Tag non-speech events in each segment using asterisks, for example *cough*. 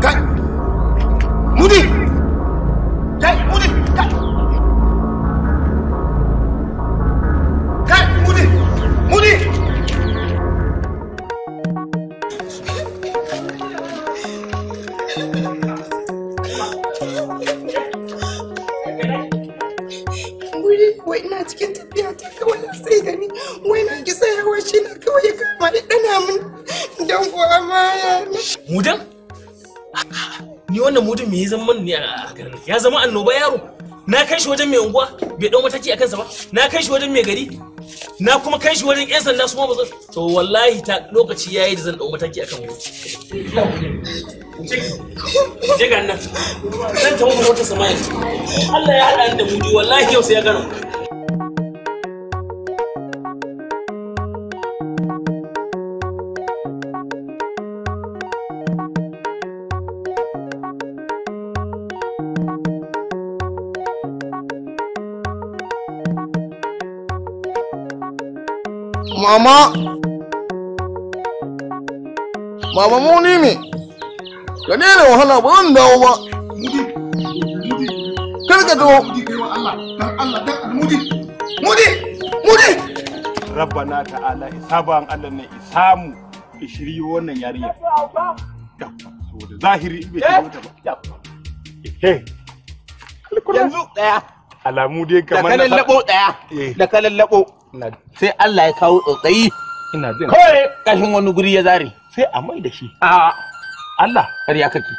干，目的，干，目的，干。wai ina cikin tafiya ta kawai ya sai da wai na ki shi na kawai mudan ni wannan mudan me ya zama ne a garin ya zama annoba yaro na kai shi wajen mai unguwa bai dau mataki a kansa ba na kai shi wajen mai gari na kuma kai shi wajen yan sanda su ma ba to wallahi ta lokaci yayi da zan dau mataki akan mu je ga nan zan ta Allah ya haɗa da wallahi yau sai ya gano Mama, Mama muni ne. ka daina wahala ba zan dawo ba kar ka dawo mudi mudi rabbana ta'ala isaban allah ne isamu shiryo wannan yarinya saboda zahiri bai ta ba eh, yanzu daya alamu dai kamar eh. da kalallabo daya da kalallabo. sai Allah ya kawo tsotsayi ina jin Kai kashin wani guri ya zare sai a mai da shi a'a Allah ya kake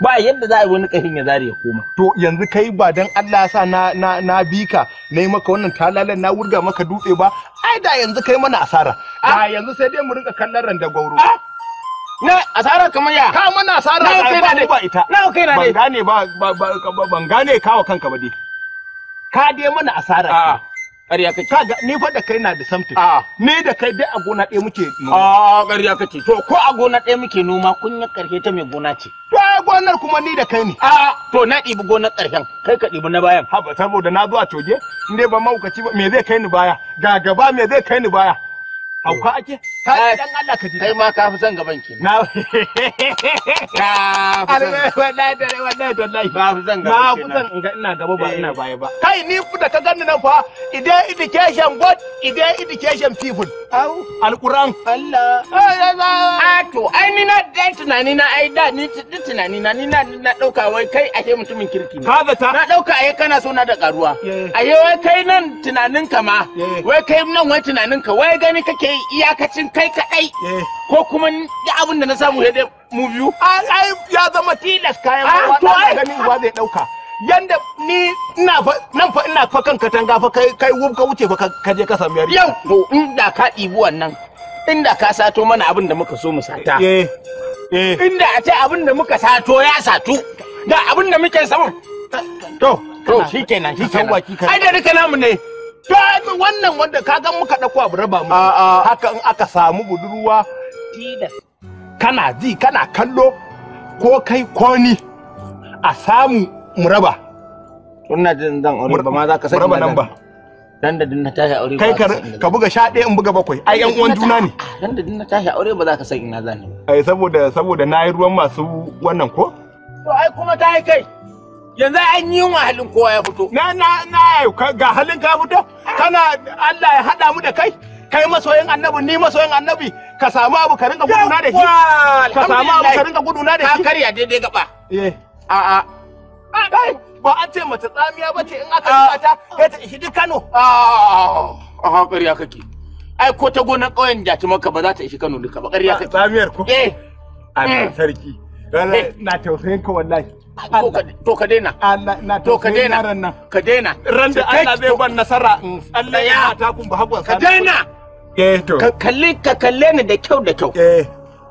ba yadda za a yi wani ƙahin ya zare ya koma to yanzu kai ba dan Allah ya sa na na na bika na yi maka wannan talalan na wurga maka dutse ba ai da yanzu kai mana asara ah. a yanzu sai dai mu rinka kallon randa gauro ah. na asara kamar ya ka mana asara na kai na ba ita na kai na ban gane ba ban gane kawo kanka ba dai ka dai mana asara ah. ƙarya kake kaga ni fa da kai na da something ah. ni da kai dai a gona ɗaya muke noma a ah, ƙarya kake to ko a gona ɗaya muke noma kun ya ƙarfe ta mai gona ce to ai gonar kuma ni da kai ne a ah, to na ɗibi gonar ƙarshen kai ka ɗibi na bayan haba saboda na zuwa coge in dai ba mahaukaci ba me zai kai ni baya ga gaba me zai kai ni baya hauka ake kai eh, dan Allah ka ji kai ma ka fi son gaban ki na ka fi son wallahi da wallahi wallahi ba fi son gaban ki na ku ina gaba ba ina baya ba kai ni ku da ka ganni nan fa idan education god idan education people au alquran Allah eh, a to ai ni na ai tunani na ai da ni tunani na ni na dauka wai kai ake mutumin kirki ne ka ta. na dauka ai kana so na da karuwa ashe wai kai nan tunanin ka ma wai kai nan wai tunanin ka wai gani kake iyakacin kai kadai ko kuma da abin da na samu ya dai mu biyu ai ya zama tilas kayan wani da ganin wa zai dauka yanda ni ina fa nan fa ina fa kan katanga fa kai kai wuf ka wuce fa ka je ka samu yari yau to in da ka ɗibi wannan inda ka sato mana abin da muka so mu sata Eh. inda a ce abin da muka sato ya satu da abin da muke sabon. to to shikenan shikenan ai da duka namu ne to wannan wanda ka ga muka dauko abu raba mu haka in aka samu budurwa kana ji kana kallo ko kai ko ni a samu mu raba ina jin zan aure ba ma za ka sani nan ba dan da dinna tashi aure kai ka buga sha ɗaya in buga bakwai ai yan uwan juna ne dan da dinna tashi aure ba za ka san ina zani ba ai eh, saboda saboda na yi ruwan masu wannan ko? To ai kuma ta yi kai. Yanzu an yi wa halin kowa ya fito. Na na na ga halin ka fito? Kana Allah ya haɗa mu da kai? Kai masoyin annabi ni masoyin annabi ka samu abu ka rinka guduna da shi. Ka samu abu ka rinka guduna da shi. Ka karya daidai gaba. Eh. A'a. Kai ba an ce mace tsamiya ba ce in aka ah. yi ta ta hidi Kano. A'a. Ah, a kake. ai ko ta gonar ƙauyen jatumaka ba za ta ishi Kano duka ba ƙarya kake tsamiyar ko eh a eh. sarki eh. na tausayin ka wallahi to ka daina to ka daina ka daina ran da Allah zai ban nasara Allah ya ta kun ba hakon ka daina eh to ka kalle ka kalle ni da kyau da kyau eh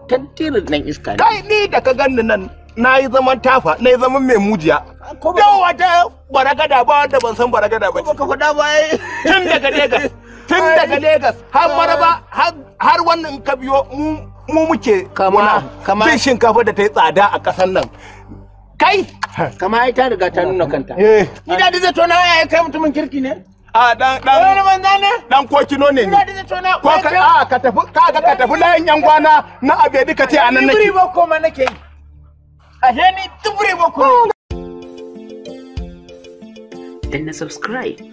tantirin nan iska ne kai ni da ka ganni nan na yi zaman tafa na yi zaman mai mujiya yau wata baragada ba wanda ban san baragada ba ba ka faɗa ba eh. tun daga daga *laughs* tun daga Legas har Maraba har wannan ka biyo mu muke kama kama cin shinkafa da ta yi tsada a ƙasar nan kai kama ai ta riga ta nuna kanta eh. ni da zato na ya kai mutumin kirki ne a dan dan dan kokino ne ni ko ka a ka tafi ka ga ka tafi layin yan gwana na abedi ka ce anan nake tuburi boko ma nake A ashe ni tuburi boko dan na subscribe